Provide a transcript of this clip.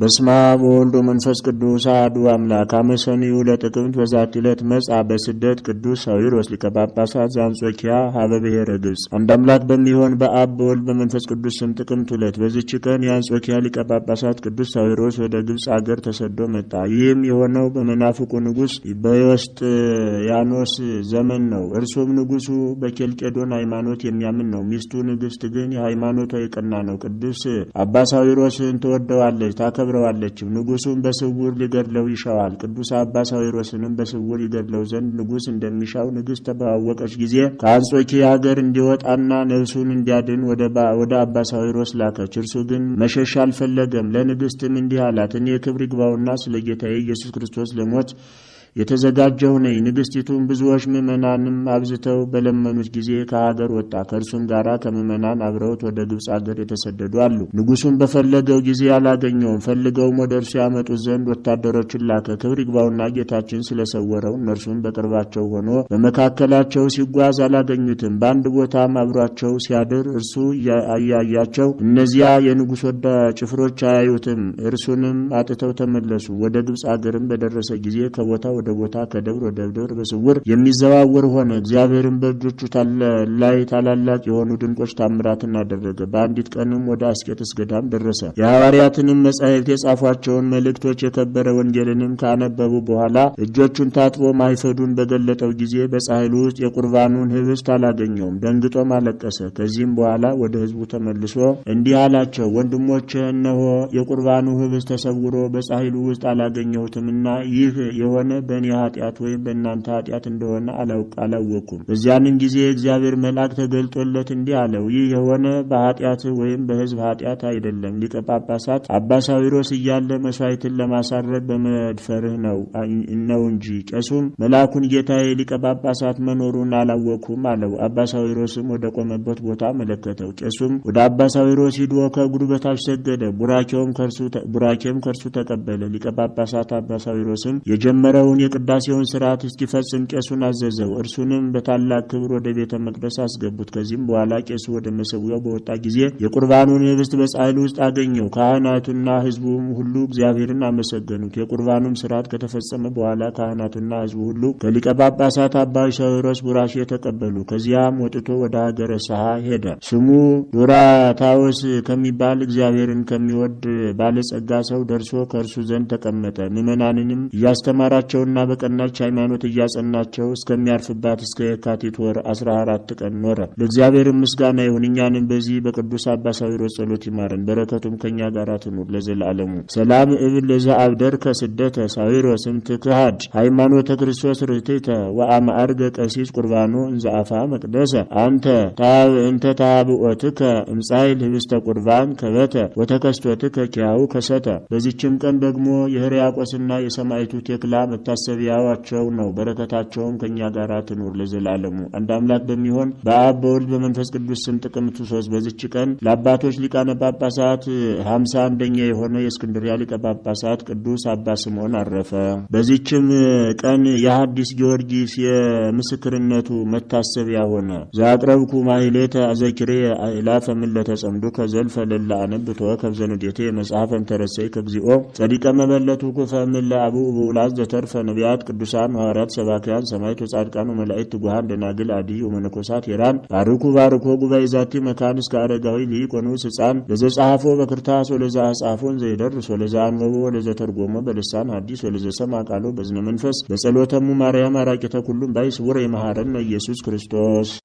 በስመ አብ ወወልድ ወመንፈስ ቅዱስ አሐዱ አምላክ። አመ ሰኒሁ ለጥቅምት በዛቲ ዕለት መጽአ በስደት ቅዱስ ሳዊሮስ ሊቀ ጳጳሳት ዘአንጾኪያ ሀበ ብሔረ ግብጽ። አንድ አምላክ በሚሆን በአብ በወልድ በመንፈስ ቅዱስ ስም ጥቅምት ሁለት በዚች ቀን የአንጾኪያ ሊቀ ጳጳሳት ቅዱስ ሳዊሮስ ወደ ግብጽ አገር ተሰዶ መጣ። ይህም የሆነው በመናፍቁ ንጉሥ በዮስጥያኖስ ዘመን ነው። እርሱም ንጉሡ በኬልቄዶን ሃይማኖት የሚያምን ነው። ሚስቱ ንግሥት ግን የሃይማኖቷ የቀና ነው። ቅዱስ አባ ሳዊሮስን ትወደዋለች ታከ ሰብረዋለችም። ንጉሱም በስውር ሊገድለው ይሻዋል። ቅዱስ አባ ሳዊሮስንም በስውር ይገድለው ዘንድ ንጉስ እንደሚሻው ንግሥት ባወቀች ጊዜ ከአንጾኪ ሀገር እንዲወጣና ነብሱን እንዲያድን ወደ አባ ሳዊሮስ ላከች። እርሱ ግን መሸሽ አልፈለገም። ለንግሥትም እንዲህ አላት፣ እኔ ክብር ይግባውና ስለ ጌታዬ ኢየሱስ ክርስቶስ ለሞት የተዘጋጀው ነኝ። ንግሥቲቱም ብዙዎች ምዕመናንም አብዝተው በለመኑት ጊዜ ከሀገር ወጣ። ከእርሱም ጋር ከምዕመናን አብረውት ወደ ግብፅ አገር የተሰደዱ አሉ። ንጉሱን በፈለገው ጊዜ አላገኘውም። ፈልገውም ወደ እርሱ ያመጡት ዘንድ ወታደሮችን ላከ። ክብር ይግባውና ጌታችን ስለሰወረው እነርሱም በቅርባቸው ሆኖ በመካከላቸው ሲጓዝ አላገኙትም። በአንድ ቦታም አብሯቸው ሲያድር እርሱ እያያቸው እነዚያ የንጉሥ ወደ ጭፍሮች አያዩትም። እርሱንም አጥተው ተመለሱ። ወደ ግብፅ አገርም በደረሰ ጊዜ ከቦታው ወደ ቦታ ከደብር ወደ ደብር በስውር የሚዘዋወር ሆነ። እግዚአብሔርን በእጆቹ ላይ ታላላቅ የሆኑ ድንቆች ታምራትን አደረገ። በአንዲት ቀንም ወደ አስቄጥስ ገዳም ደረሰ። የሐዋርያትንም መጻሕፍት የጻፏቸውን መልእክቶች የከበረ ወንጌልንም ካነበቡ በኋላ እጆቹን ታጥቦ ማይፈዱን በገለጠው ጊዜ በጻሕሉ ውስጥ የቁርባኑን ህብስት አላገኘውም። ደንግጦም አለቀሰ። ከዚህም በኋላ ወደ ህዝቡ ተመልሶ እንዲህ አላቸው፣ ወንድሞች እነሆ የቁርባኑ ህብስት ተሰውሮ በጻሕሉ ውስጥ አላገኘሁትምና ይህ የሆነ በእኔ ኃጢአት ወይም በእናንተ ኃጢአት እንደሆነ አላወኩም። በዚያንም ጊዜ እግዚአብሔር መልአክ ተገልጦለት እንዲህ አለው፣ ይህ የሆነ በኃጢአትህ ወይም በሕዝብ ኃጢአት አይደለም፣ ሊቀ ጳጳሳት አባ ሳዊሮስ እያለ መስዋዕትን ለማሳረግ በመድፈርህ ነው ነው እንጂ። ቄሱም መልአኩን ጌታዬ ሊቀ ጳጳሳት መኖሩን አላወኩም አለው። አባ ሳዊሮስም ወደ ቆመበት ቦታ መለከተው። ቄሱም ወደ አባ ሳዊሮስ ሂዶ ከእግሩ በታች ሰገደ፣ ቡራኬም ከእርሱ ተቀበለ። ሊቀ ጳጳሳት አባ ሳዊሮስም የጀመረውን የቅዳሴውን ስርዓት እስኪፈጽም ቄሱን አዘዘው። እርሱንም በታላቅ ክብር ወደ ቤተ መቅደስ አስገቡት። ከዚህም በኋላ ቄሱ ወደ መሰዊያው በወጣ ጊዜ የቁርባኑን ህብስት በጻሕል ውስጥ አገኘው። ካህናቱና ህዝቡም ሁሉ እግዚአብሔርን አመሰገኑት። የቁርባኑም ስርዓት ከተፈጸመ በኋላ ካህናቱና ህዝቡ ሁሉ ከሊቀ ጳጳሳት አባ ሻዊሮስ ቡራሼ ተቀበሉ። ከዚያም ወጥቶ ወደ ሀገረ ሰሃ ሄደ። ስሙ ዱራታዎስ ከሚባል እግዚአብሔርን ከሚወድ ባለጸጋ ሰው ደርሶ ከእርሱ ዘንድ ተቀመጠ። ምዕመናንንም እያስተማራቸውን በጽናትና በቀናች ሃይማኖት እያጸናቸው እስከሚያርፍባት እስከ የካቲት ወር 14 ቀን ኖረ። ለእግዚአብሔር ምስጋና ይሁን። እኛንም በዚህ በቅዱስ አባ ሳዊሮስ ጸሎት ይማረን፣ በረከቱም ከእኛ ጋር ትኑር ለዘላለሙ። ሰላም እብል ለዛ አብደርከ ስደተ ሳዊሮስ እምትክሃድ ሃይማኖተ ክርስቶስ ርትዕተ ወአማዕርገ ቀሲስ ቁርባኖ እንዘአፋ መቅደሰ አንተ እንተ ታብኦትከ እምጻይል ህብስተ ቁርባን ከበተ ወተከስቶትከ ኪያው ከሰተ። በዚችም ቀን ደግሞ የህርያቆስና የሰማይቱ ቴክላ መታሰ ማሰቢያቸው ነው። በረከታቸውም ከእኛ ጋር ትኑር ለዘላለሙ። አንድ አምላክ በሚሆን በአብ በወልድ በመንፈስ ቅዱስ ስም ጥቅምት ሶስት በዝች ቀን ለአባቶች ሊቃነ ጳጳሳት ሀምሳ አንደኛ የሆነ የእስክንድሪያ ሊቀ ጳጳሳት ቅዱስ አባ ስምዖን አረፈ። በዚችም ቀን የሐዲስ ጊዮርጊስ የምስክርነቱ መታሰቢያ ሆነ። ዘአቅረብኩ ማይሌተ አዘኪሬ አይላፈ ምን ለተጸምዱ ከዘልፈ ለላ አነብቶ ከብዘንዴቴ መጽሐፈን ተረሰይ ከግዚኦ ጸዲቀ መበለቱ ኩፈ ምን ለአቡ ብኡላዝ ዘተርፈ ነቢያት፣ ቅዱሳን ሐዋርያት፣ ሰባኪያን ሰማዕት፣ ጻድቃን፣ መላእክት፣ ትጉሃን ደናግል፣ አድይ ወመነኮሳት ሄራን ባርኩ ባርኮ ጉባኤ ዛቲ መካን እስከ አረጋዊ ሊቆኖስ ሕፃን ለዘጸሐፎ በክርታስ ወለዘ አጻፎን ዘይደርስ ወለዘ አንበቦ ወለዘ ተርጎሞ በልሳን ሐዲስ ወለዘ ሰማ ቃሎ በዝነ መንፈስ በጸሎተሙ ማርያም አራቂተ ኩሉም ባይ ስውረ የመሐረነ ኢየሱስ ክርስቶስ